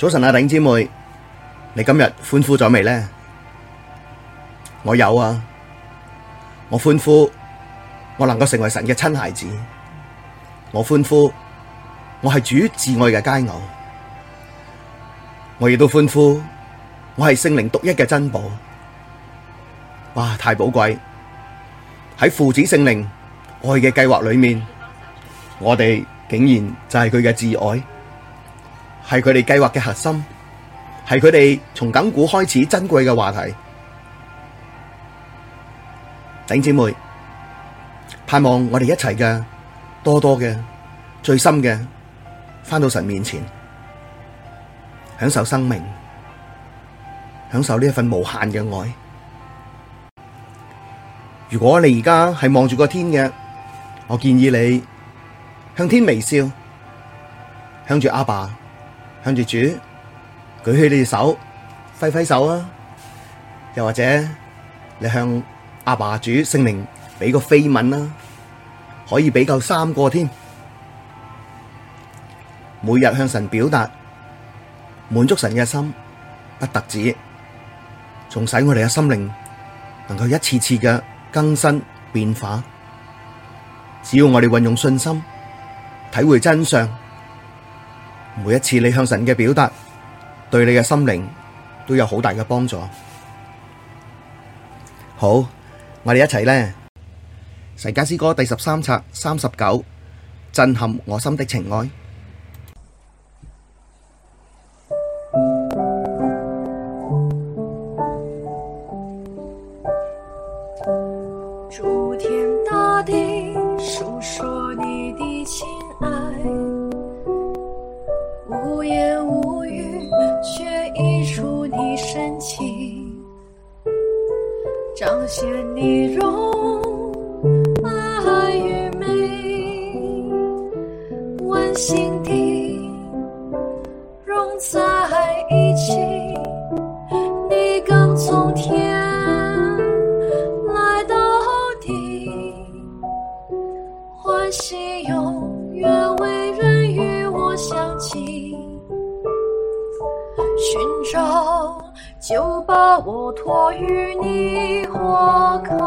早晨啊，頂姐妹，你今日歡呼咗未呢？我有啊，我歡呼，我能夠成為神嘅親孩子，我歡呼，我係主至愛嘅佳偶，我亦都歡呼，我係聖靈獨一嘅珍寶。哇，太寶貴！喺父子聖靈愛嘅計劃裏面，我哋竟然就係佢嘅至愛。係佢哋計劃嘅核心，係佢哋從亙古開始珍貴嘅話題。弟姐妹，盼望我哋一齊嘅，多多嘅，最深嘅，返到神面前，享受生命，享受呢一份無限嘅愛。如果你而家係望住個天嘅，我建議你向天微笑，向住阿爸，向住主舉起你隻手，揮揮手啊！又或者你向阿爸主聖靈俾個飛吻啦，可以俾夠三個添。每日向神表達，滿足神嘅心，不特止，仲使我哋嘅心靈能夠一次次嘅更新變化。只要我哋運用信心，體會真相。每一次你向神嘅表達，對你嘅心靈都有好大嘅幫助。好，我哋一齊咧，《神家詩歌》第十三冊三十九，震撼我心的情愛。我脫淤泥、禍坑，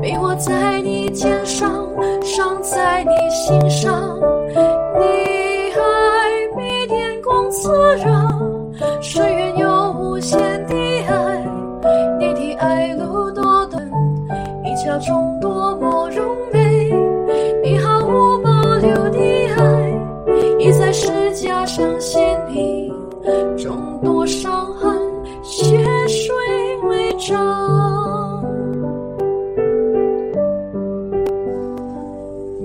背我在你肩上，鑲在你心上，你愛比電光熾熱。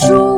書。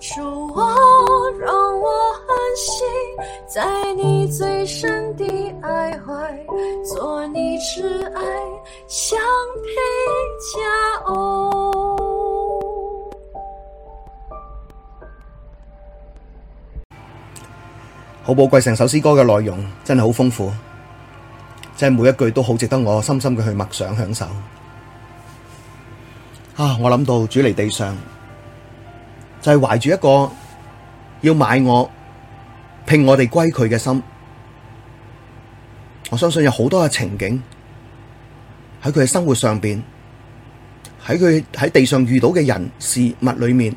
主啊，讓我安息，在你最深的愛懷，做你至愛，相配佳偶。好寶貴，成首詩歌嘅內容真係好豐富，即係每一句都好值得我深深嘅去默想享受。啊，我諗到主嚟地上。就係懷住一個要買我、聘我哋歸佢嘅心，我相信有好多嘅情景喺佢嘅生活上邊，喺佢喺地上遇到嘅人事物裏面，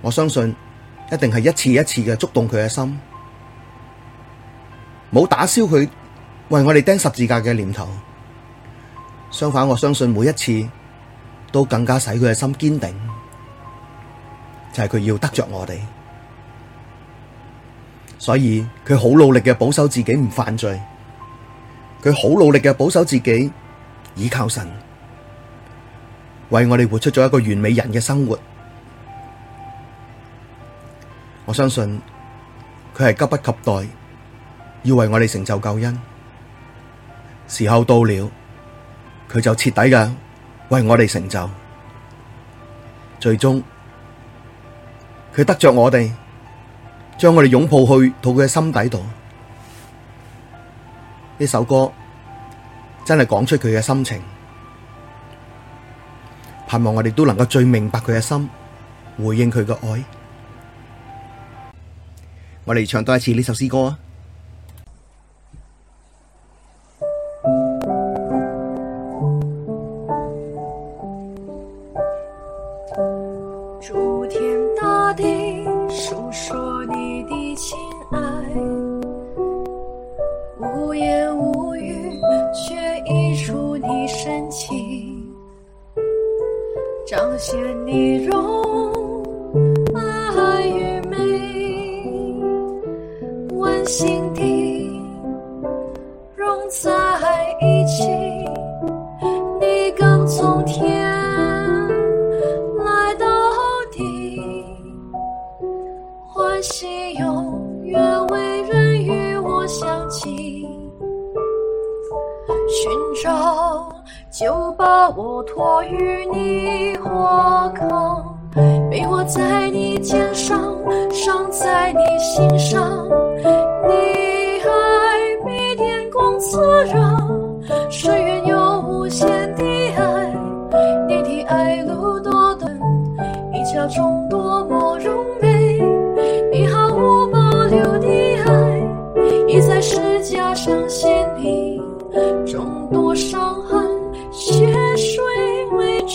我相信一定係一次一次嘅觸動佢嘅心，冇打消佢為我哋釘十字架嘅念頭，相反，我相信每一次都更加使佢嘅心堅定。就係佢要得着我哋，所以佢好努力嘅保守自己唔犯罪，佢好努力嘅保守自己，倚靠神，為我哋活出咗一個完美人嘅生活。我相信佢係急不及待，要為我哋成就救恩。時候到了，佢就徹底嘅為我哋成就。最終。佢得着我哋，將我哋擁抱去到佢嘅心底度。呢首歌真係講出佢嘅心情，盼望我哋都能夠最明白佢嘅心，回應佢嘅愛。我哋唱多一次呢首詩歌啊！我脫淤泥、禍坑，背我在你肩上，鑲在你。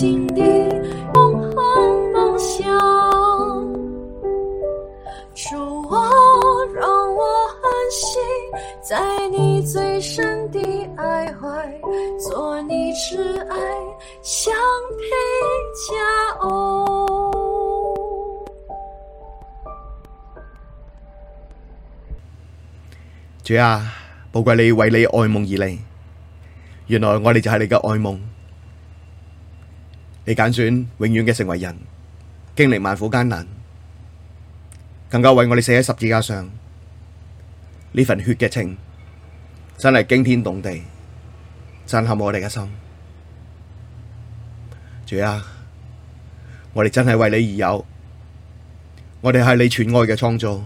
心底永恆夢想，主啊讓我安心，在你最深的愛懷，做你至愛相配佳偶。主啊，寶貴你為你愛夢而嚟，原來我哋就係你嘅愛夢。你揀選永遠嘅成為人，經歷萬苦艱難，更加為我哋死喺十字架上，呢份血嘅情真係驚天動地，震撼我哋嘅心。主啊，我哋真係為你而有，我哋係你全愛嘅創造，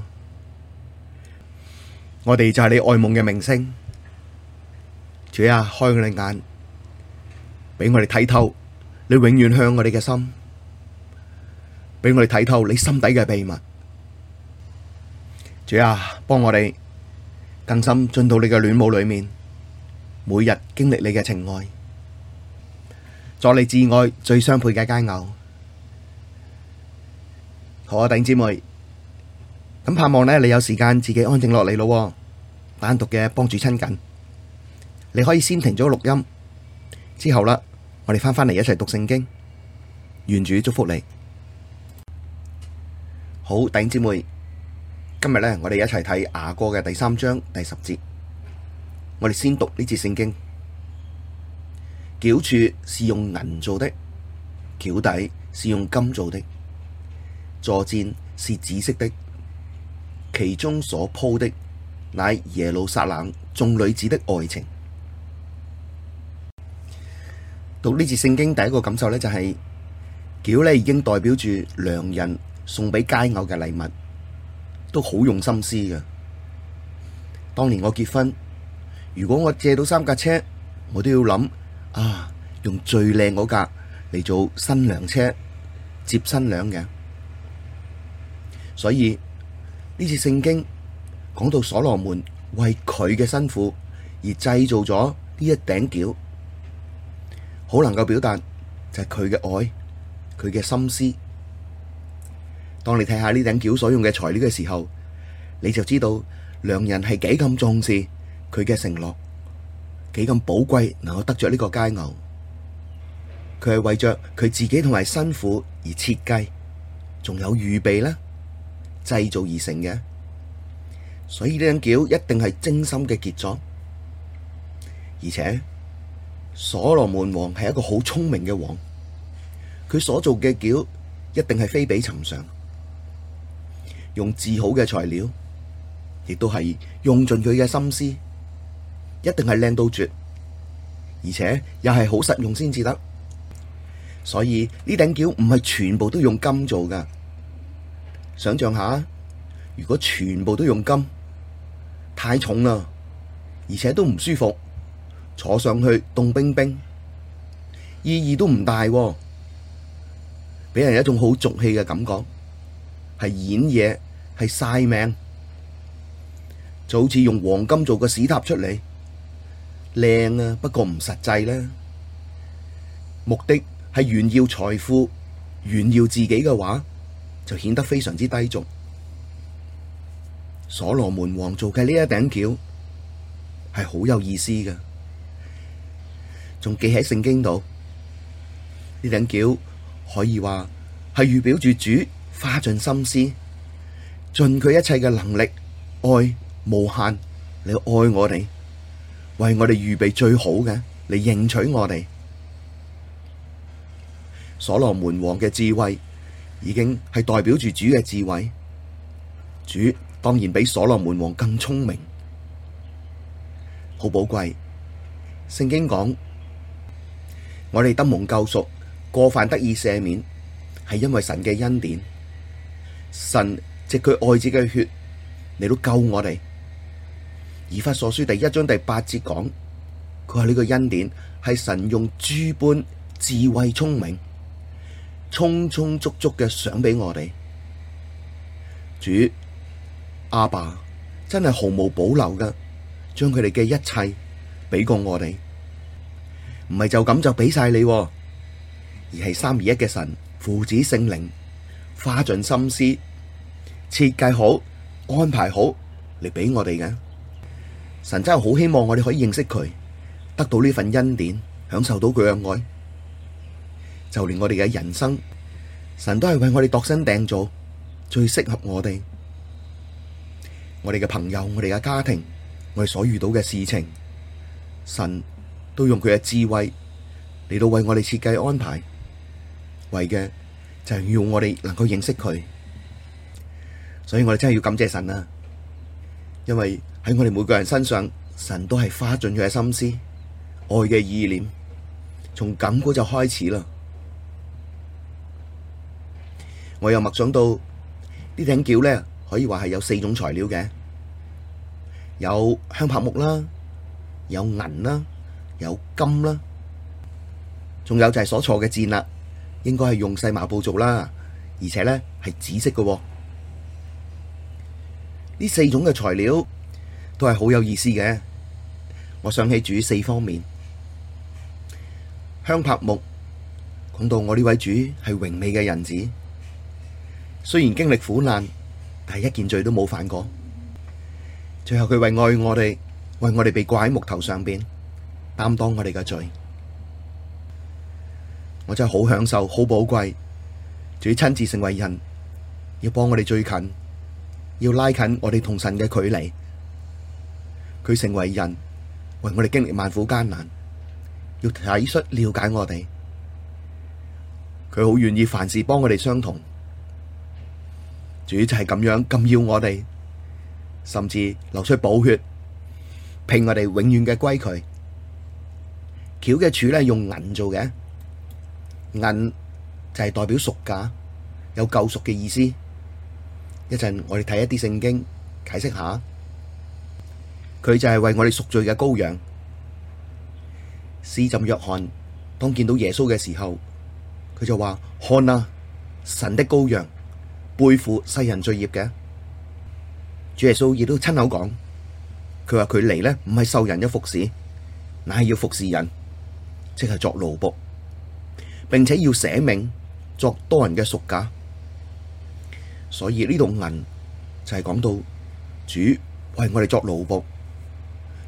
我哋就係你愛夢嘅明星。主啊，開佢哋眼，畀我哋睇透。你永遠向我哋嘅心，俾我哋睇透你心底嘅秘密。主啊，幫我哋更深進到你嘅戀慕裏面，每日經歷你嘅情愛，作你至愛最相配嘅佳偶。好啊，弟兄姊妹，咁盼望咧，你有時間自己安靜落嚟咯，單獨嘅幫助親近。你可以先停咗錄音，之後啦。我哋返返嚟一齊讀聖經，願主祝福你。好，弟兄姊妹，今日咧我哋一齊睇雅歌嘅第三章第十節。我哋先讀呢節聖經：轎柱是用銀做的，轎底是用金做的，坐墊是紫色的，其中所鋪的乃耶路撒冷眾女子的愛情。讀呢節聖經，第一個感受咧就係，轎咧已經代表住良人送俾佳偶嘅禮物，都好用心思嘅。當年我結婚，如果我借到三架車，我都要諗啊，用最靚嗰架嚟做新娘車接新娘嘅。所以呢節聖經講到所羅門為佢嘅新婦而製造咗呢一頂轎。好能夠表達就係佢嘅愛，佢嘅心思。當你睇下呢頂轎所用嘅材料嘅時候，你就知道良人係幾咁重視佢嘅承諾，幾咁寶貴能夠得着呢個佳偶。佢係為着佢自己同埋辛苦而設計，仲有預備啦，製造而成嘅。所以呢頂轎一定係精心嘅傑作，而且。所羅門王係一個好聰明嘅王，佢所做嘅轎一定係非比尋常，用最好嘅材料，亦都係用盡佢嘅心思，一定係靚到絕，而且又係好實用先至得。所以呢頂轎唔係全部都用金做噶，想象下，如果全部都用金，太重啦，而且都唔舒服。坐上去凍冰冰，意義都唔大啊，畀人一種好俗氣嘅感覺，係演嘢，係晒命，就好似用黃金做個屎塔出嚟，靚啊，不過唔實際咧啊。目的係炫耀財富、炫耀自己嘅話，就顯得非常之低俗。所羅門王做嘅呢一頂轎，係好有意思嘅。.仲記喺聖經度，呢頂轎可以話係預表住主花盡心思，盡佢一切嘅能力愛無限嚟愛我哋，為我哋預備最好嘅嚟迎娶我哋。所羅門王嘅智慧已經係代表住主嘅智慧，主當然比所羅門王更聰明，好寶貴。聖經講。我哋得蒙救贖，過犯得以赦免，係因為神嘅恩典。神借佢愛子嘅血嚟到救我哋。以弗所書第一章第八節講，佢話呢個恩典係神用諸般智慧聰明，充充足足嘅賞畀我哋。主阿爸真係毫無保留嘅，將佢哋嘅一切畀過我哋。唔係就咁就畀晒你，而係三而一嘅神、父、子、聖靈花盡心思設計好、安排好嚟，畀我哋嘅。神真係好希望我哋可以認識佢，得到呢份恩典，享受到佢嘅愛。就連我哋嘅人生，神都係為我哋度身訂造，最適合我哋。我哋嘅朋友，我哋嘅家庭，我哋所遇到嘅事情，神都用佢嘅智慧嚟到為我哋設計安排，為嘅就係要我哋能夠認識佢，所以我哋真係要感謝神啊！因為喺我哋每個人身上，神都係花盡佢嘅心思、愛嘅意念，從感官就開始啦。我又默想到呢頂轎咧，可以話係有四種材料嘅，有香柏木啦，有銀啦。有金啦，仲有就係所錯嘅箭啦，應該係用細麻布做啦，而且呢係紫色嘅。呢四種嘅材料都係好有意思嘅。我想起主四方面，香柏木，講到我呢位主係榮美嘅人子，雖然經歷苦難，但係一件罪都冇犯過。最後佢為愛我哋，為我哋被掛喺木頭上邊，擔當我哋嘅罪，我真係好享受，好寶貴。主親自成為人，要幫我哋最近，要拉近我哋同神嘅距離。佢成為人，為我哋經歷萬苦艱難，要體恤了解我哋。佢好願意凡事幫我哋相同。主就係咁樣咁要我哋，甚至流出寶血，聘我哋永遠嘅歸佢。轎嘅柱咧用銀做嘅，銀就係代表贖價，有救贖嘅意思。一陣我哋睇一啲聖經解釋下，佢就係為我哋贖罪嘅羔羊。施浸約翰當見到耶穌嘅時候，佢就話：看啊，神的羔羊，背負世人罪孽嘅。主耶穌亦都親口講，佢話佢嚟呢，唔係受人嘅服侍，乃係要服侍人。即係作奴僕，並且要捨命作多人嘅贖價，所以呢度銀就係講到主為我哋作奴僕，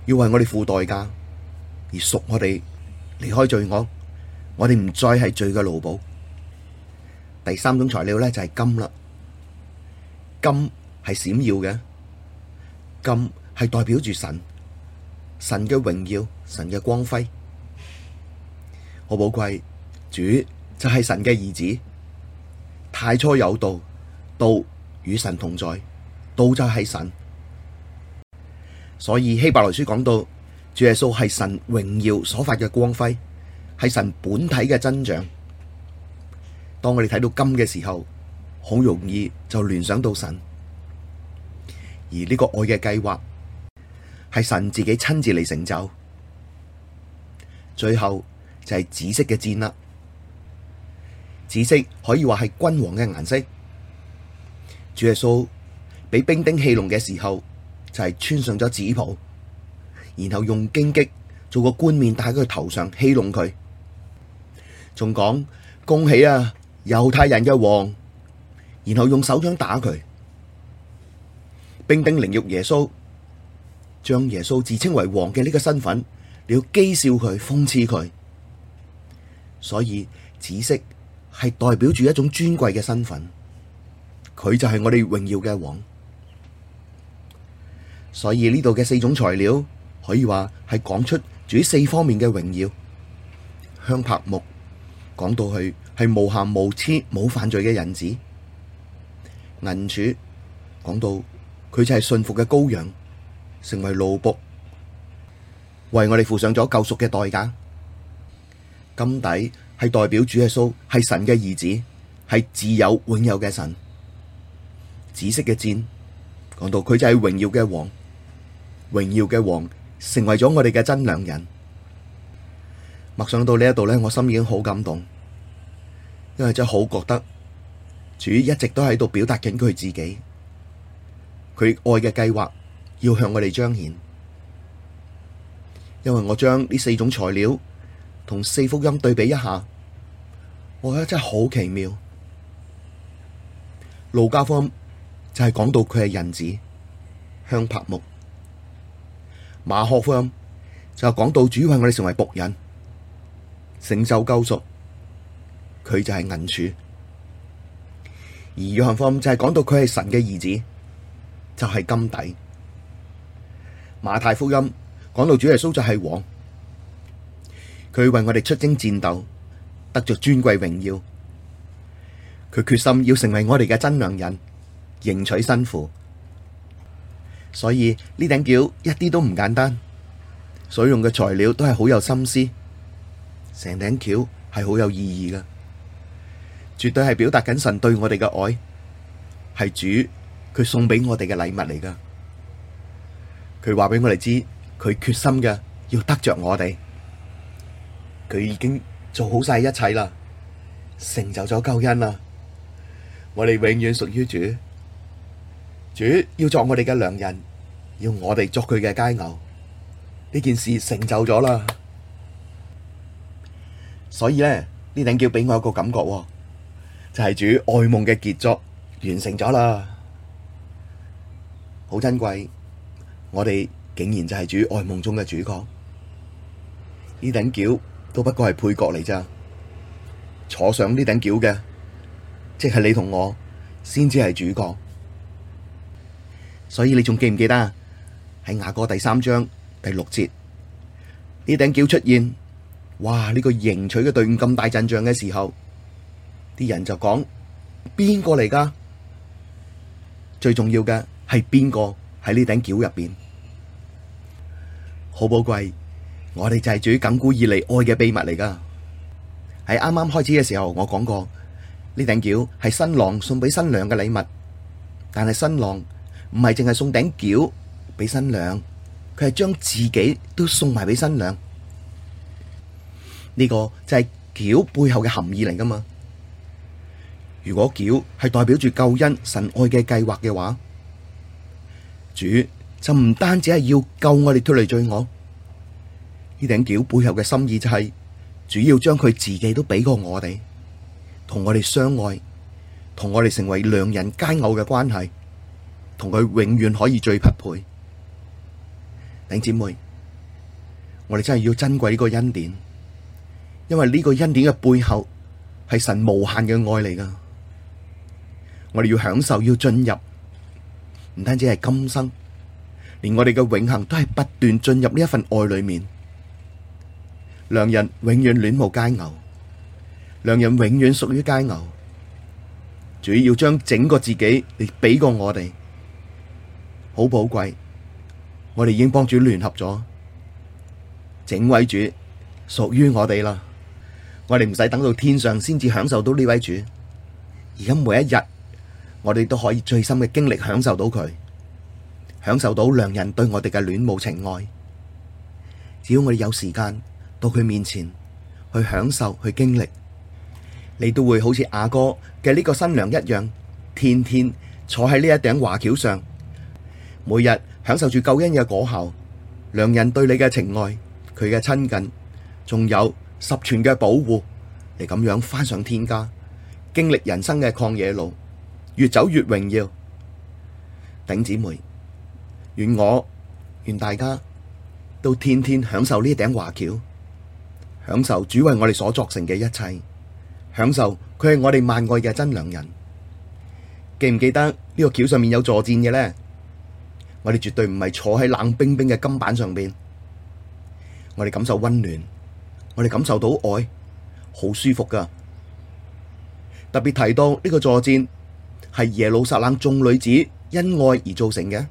要為我哋付代價而贖我哋離開罪惡，我哋唔再係罪嘅奴僕。第三種材料呢，就係金啦，金係閃耀嘅，金係代表住神，神嘅榮耀，神嘅光輝。好寶貴，主就係神嘅兒子，太初有道，道與神同在，道就係神。所以希伯來書講到，主耶穌係神榮耀所發嘅光輝，係神本體嘅真像。當我哋睇到金嘅時候，好容易就聯想到神，而呢個愛嘅計劃係神自己親自嚟成就，最後。就係紫色嘅箭啦，紫色可以話係君王嘅顏色。主耶穌俾兵丁戲弄嘅時候，就係、是、穿上咗紫袍，然後用荊棘做個冠冕戴喺佢頭上戲弄佢。仲講恭喜啊，猶太人嘅王，然後用手掌打佢。兵丁凌辱耶穌，將耶穌自稱為王嘅呢個身份，你要譏笑佢、諷刺佢。所以紫色係代表住一種尊貴嘅身份，佢就係我哋榮耀嘅王。所以呢度嘅四種材料，可以話係講出住四方面嘅榮耀。香柏木講到佢係無瑕、無疵冇犯罪嘅人子，銀柱講到佢就係信服嘅羔羊，成為奴僕，為我哋付上咗救贖嘅代價。金底係代表主耶穌，係神嘅兒子，係自有永有嘅神。紫色嘅箭，講到佢就係榮耀嘅王，榮耀嘅王成為咗我哋嘅真良人。默想到呢一度呢，我心已經好感動，因為真好覺得主一直都喺度表達緊佢自己，佢愛嘅計劃要向我哋彰顯。因為我將呢四種材料。同四福音對比一下，我覺得真係好奇妙。路加福音就係講到佢係人子，香柏木；馬可福音就係講到主為我哋成為僕人，承受救贖，佢就係銀柱；而約翰福音就係講到佢係神嘅兒子，就係金底；馬太福音講到主耶穌就係王。佢為我哋出征戰鬥，得着尊貴榮耀。佢決心要成為我哋嘅真良人，迎娶新婦。所以呢頂橋一啲都唔簡單，所用嘅材料都係好有心思，成頂橋係好有意義㗎，絕對係表達緊神對我哋嘅愛，係主佢送俾我哋嘅禮物嚟㗎。佢話俾我哋知，佢決心嘅要得着我哋。佢已經做好晒一切啦，成就咗救恩啦！我哋永遠屬於主，主要作我哋嘅良人，要我哋作佢嘅佳偶。呢件事成就咗啦，所以咧呢頂轎畀我一個感覺，就係、是、主愛夢嘅傑作完成咗啦，好珍貴！我哋竟然就係主愛夢中嘅主角，呢頂轎，都不過係配角嚟咋，坐上呢頂轎嘅，即係你同我，先至係主角。所以你仲記唔記得喺雅歌第三章第六節，呢頂轎出現，哇！呢、這個迎娶嘅隊伍咁大陣仗嘅時候，啲人就講邊個嚟噶？最重要嘅係邊個喺呢頂轎入邊，好寶貴。我哋就係主亙古以嚟愛嘅秘密嚟噶喺啱啱開始嘅時候，我講過呢頂轎係新郎送俾新娘嘅禮物，但係新郎唔係淨係送頂轎俾新娘，佢係將自己都送埋俾新娘。呢個就係轎背後嘅含義嚟噶嘛。如果轎係代表住救恩、神愛嘅計劃嘅話，主就唔單止係要救我哋脫離罪惡。呢頂轎背後嘅心意就係主要將佢自己都俾過我哋，同我哋相愛，同我哋成為良人佳偶嘅關係，同佢永遠可以最匹配。頂姐妹，我哋真係要珍貴呢個恩典，因為呢個恩典嘅背後係神無限嘅愛嚟㗎。我哋要享受，要進入，唔單止係今生，連我哋嘅永恆都係不斷進入呢一份愛裏面。良人永遠戀慕佳偶，良人永遠屬於佳偶。主要將整個自己嚟俾過我哋，好寶貴。我哋已經幫主聯合咗，整位主屬於我哋啦。我哋唔使等到天上先至享受到呢位主，而家每一日我哋都可以最深嘅經歷享受到佢，享受到良人對我哋嘅戀慕情愛。只要我哋有時間。到佢面前去享受去經歷，你都會好似阿哥嘅呢個新娘一樣，天天坐喺呢一頂華轎上，每日享受住救恩嘅果效，良人對你嘅情愛，佢嘅親近，仲有十全嘅保護，你咁樣翻上天家，經歷人生嘅曠野路，越走越榮耀。頂姊妹，願我願大家都天天享受呢一頂華轎。享受主為我哋所作成嘅一切，享受佢係我哋萬愛嘅真良人。記唔記得呢個轎上面有坐墊嘅咧？我哋絕對唔係坐喺冷冰冰嘅金板上邊，我哋感受溫暖，我哋感受到愛，好舒服噶。特別提到呢個坐墊係耶路撒冷眾女子因愛而造成嘅，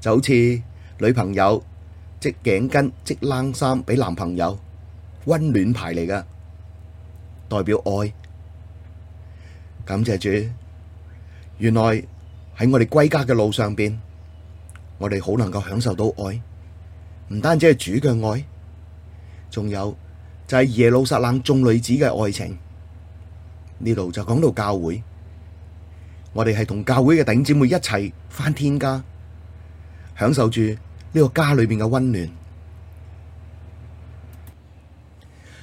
就好似女朋友。織頸巾、織冷衫俾男朋友，溫暖牌嚟㗎，代表愛。感謝主，原來喺我哋歸家嘅路上邊，我哋好能夠享受到愛，唔單止係主嘅愛，仲有就係耶路撒冷眾女子嘅愛情。呢度就講到教會，我哋係同教會嘅弟兄姊妹一齊返天家，享受住，呢個家裏面嘅溫暖。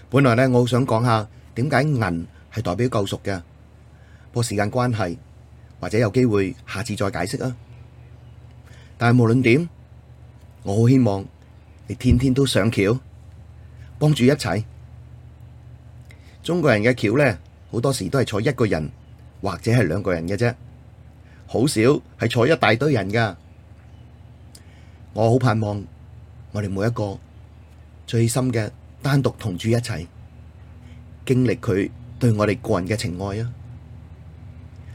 本來呢，我好想講下點解銀係代表救贖嘅，不過時間關係，或者有機會下次再解釋啊。但係無論點，我好希望你天天都上轎，幫住一齊。中國人嘅轎呢，好多時都係坐一個人或者係兩個人嘅啫，好少係坐一大堆人噶。我好盼望我哋每一個最深嘅單獨同主一齊經歷佢對我哋個人嘅情愛啊！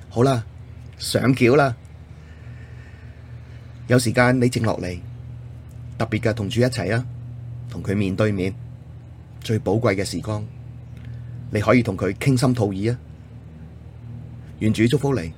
好啦，上轎啦！有時間你靜落嚟，特別嘅同主一齊啊，同佢面對面，最寶貴嘅時光，你可以同佢傾心吐意啊！願主祝福你。